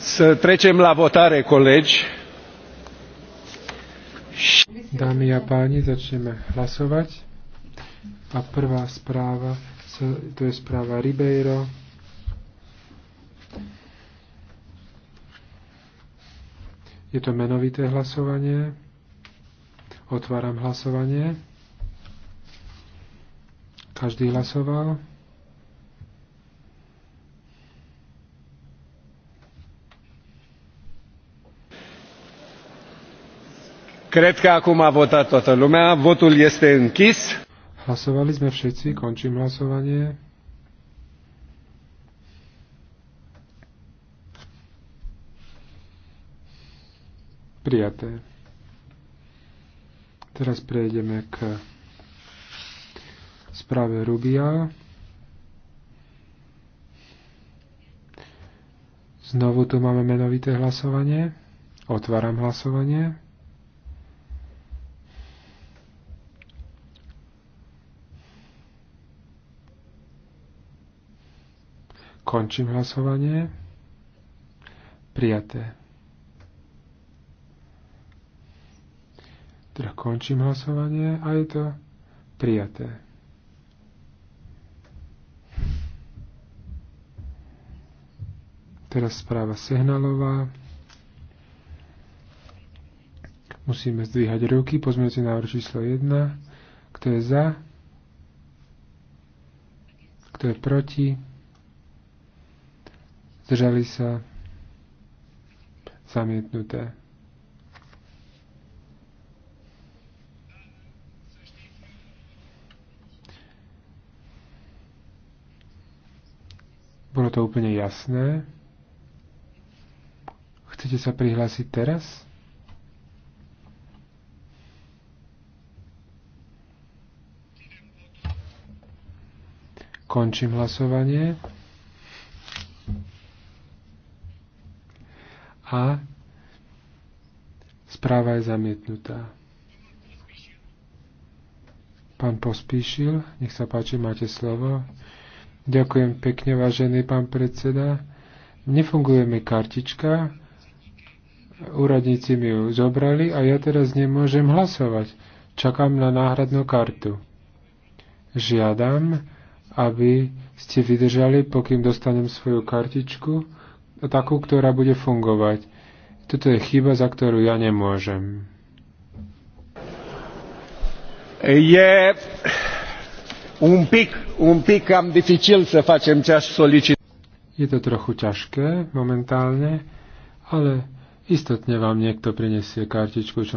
Să trecem la votare, colegi. Dámy a páni, začneme hlasovať. A prvá správa, to je správa Ribeiro. Je to menovité hlasovanie. Otváram hlasovanie. Každý hlasoval. Cred că acum a votat toată lumea. Votul este închis. Hlasovali sme všetci, končím hlasovanie. Prijaté. Teraz prejdeme k správe Rubia. Znovu tu máme menovité hlasovanie. Otváram hlasovanie. Končím hlasovanie. Prijaté. Teda končím hlasovanie a je to prijaté. Teraz správa Sehnalová. Musíme zdvíhať ruky. si návrh číslo 1. Kto je za? Kto je proti? držali sa? Zamietnuté. Bolo to úplne jasné. Chcete sa prihlásiť teraz? Končím hlasovanie. a správa je zamietnutá. Pán pospíšil, nech sa páči, máte slovo. Ďakujem pekne, vážený pán predseda. Nefunguje mi kartička, úradníci mi ju zobrali a ja teraz nemôžem hlasovať. Čakám na náhradnú kartu. Žiadam, aby ste vydržali, pokým dostanem svoju kartičku takú, ktorá bude fungovať. Toto je chyba, za ktorú ja nemôžem. Je un pic, un pic cam dificil să facem Je to trochu ťažké momentálne, ale istotne vám niekto prinesie kartičku, čo